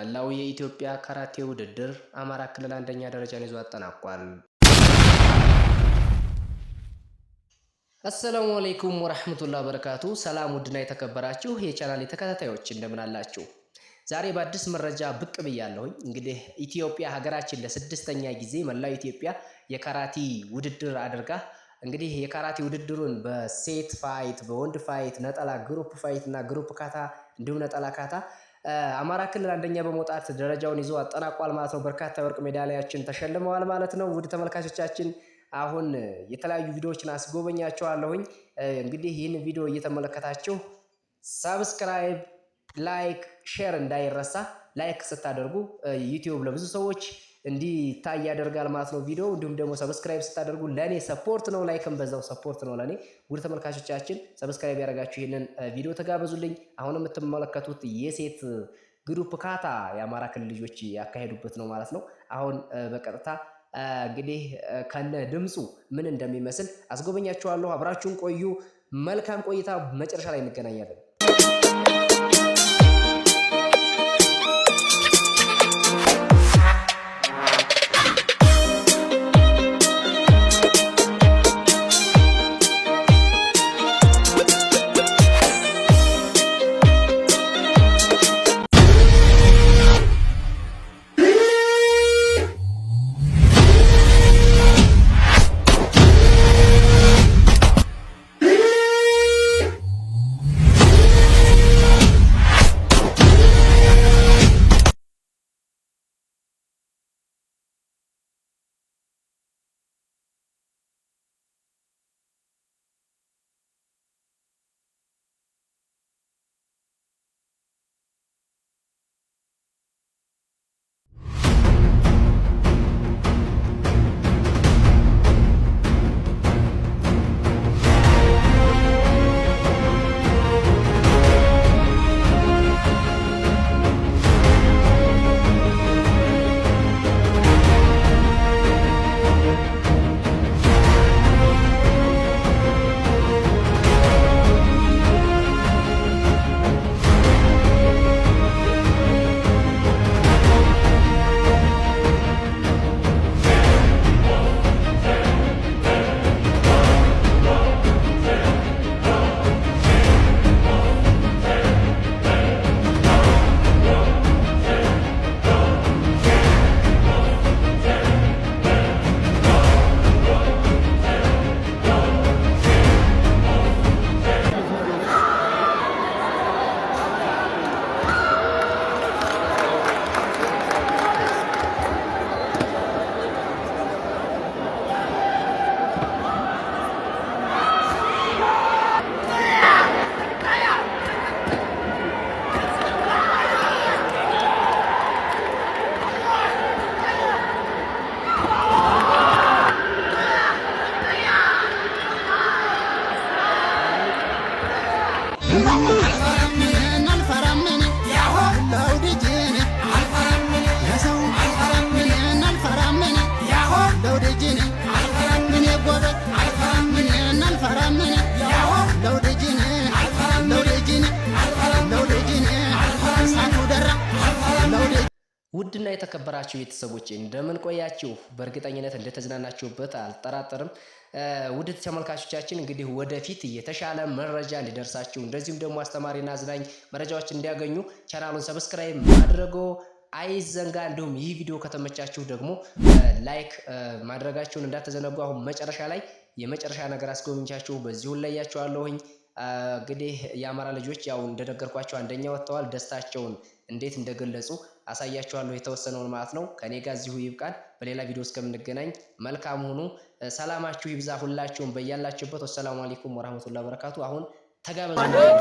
መላው የኢትዮጵያ ካራቴ ውድድር አማራ ክልል አንደኛ ደረጃን ይዞ አጠናቋል። አሰላሙ አለይኩም ወራህመቱላሂ በረካቱ። ሰላም ውድና የተከበራችሁ የቻናል ተከታታዮች እንደምን አላችሁ? ዛሬ በአዲስ መረጃ ብቅ ብያለሁኝ። እንግዲህ ኢትዮጵያ ሀገራችን ለስድስተኛ ጊዜ መላው ኢትዮጵያ የካራቲ ውድድር አድርጋ እንግዲህ የካራቲ ውድድሩን በሴት ፋይት፣ በወንድ ፋይት፣ ነጠላ ግሩፕ ፋይት እና ግሩፕ ካታ እንዲሁም ነጠላ ካታ አማራ ክልል አንደኛ በመውጣት ደረጃውን ይዞ አጠናቋል ማለት ነው። በርካታ የወርቅ ሜዳሊያችን ተሸልመዋል ማለት ነው። ውድ ተመልካቾቻችን አሁን የተለያዩ ቪዲዮዎችን አስጎበኛቸዋለሁኝ። እንግዲህ ይህን ቪዲዮ እየተመለከታችሁ ሳብስክራይብ ላይክ ሼር እንዳይረሳ። ላይክ ስታደርጉ ዩቲዩብ ለብዙ ሰዎች እንዲታይ ያደርጋል ማለት ነው ቪዲዮ። እንዲሁም ደግሞ ሰብስክራይብ ስታደርጉ ለእኔ ሰፖርት ነው፣ ላይክም በዛው ሰፖርት ነው ለእኔ። ውድ ተመልካቾቻችን ሰብስክራይብ ያደረጋችሁ ይህንን ቪዲዮ ተጋበዙልኝ። አሁን የምትመለከቱት የሴት ግሩፕ ካታ የአማራ ክልል ልጆች ያካሄዱበት ነው ማለት ነው። አሁን በቀጥታ እንግዲህ ከነ ድምፁ ምን እንደሚመስል አስጎበኛችኋለሁ። አብራችሁን ቆዩ። መልካም ቆይታ። መጨረሻ ላይ እንገናኛለን። ውድና የተከበራችሁ ቤተሰቦች እንደምን ቆያችሁ? በእርግጠኝነት እንደተዝናናችሁበት አልጠራጠርም። ውድ ተመልካቾቻችን እንግዲህ ወደፊት የተሻለ መረጃ እንዲደርሳችሁ እንደዚሁም ደግሞ አስተማሪና አዝናኝ መረጃዎች እንዲያገኙ ቻናሉን ሰብስክራይብ ማድረጎ አይዘንጋ። እንዲሁም ይህ ቪዲዮ ከተመቻችሁ ደግሞ ላይክ ማድረጋችሁን እንዳትዘነጉ። አሁን መጨረሻ ላይ የመጨረሻ ነገር አስጎብኝቻችሁ በዚሁ ለያችኋለሁኝ። እንግዲህ የአማራ ልጆች ያው እንደነገርኳቸው አንደኛ ወጥተዋል። ደስታቸውን እንዴት እንደገለጹ አሳያችኋለሁ የተወሰነውን ማለት ነው። ከኔ ጋር እዚሁ ይብቃል። በሌላ ቪዲዮ እስከምንገናኝ መልካም ሁኑ። ሰላማችሁ ይብዛ ሁላችሁም በያላችሁበት። ወሰላሙ አሌይኩም ወራህመቱላሂ በረካቱ። አሁን ተጋበዙ።